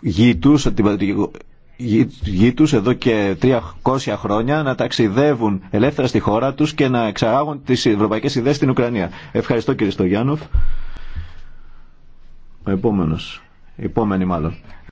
γη τους, γη εδώ και 300 χρόνια να ταξιδεύουν ελεύθερα στη χώρα τους και να εξαγάγουν τις ευρωπαϊκές ιδέες στην Ουκρανία. Ευχαριστώ κύριε Στογιάννοφ. Ο επόμενος, επόμενη μάλλον.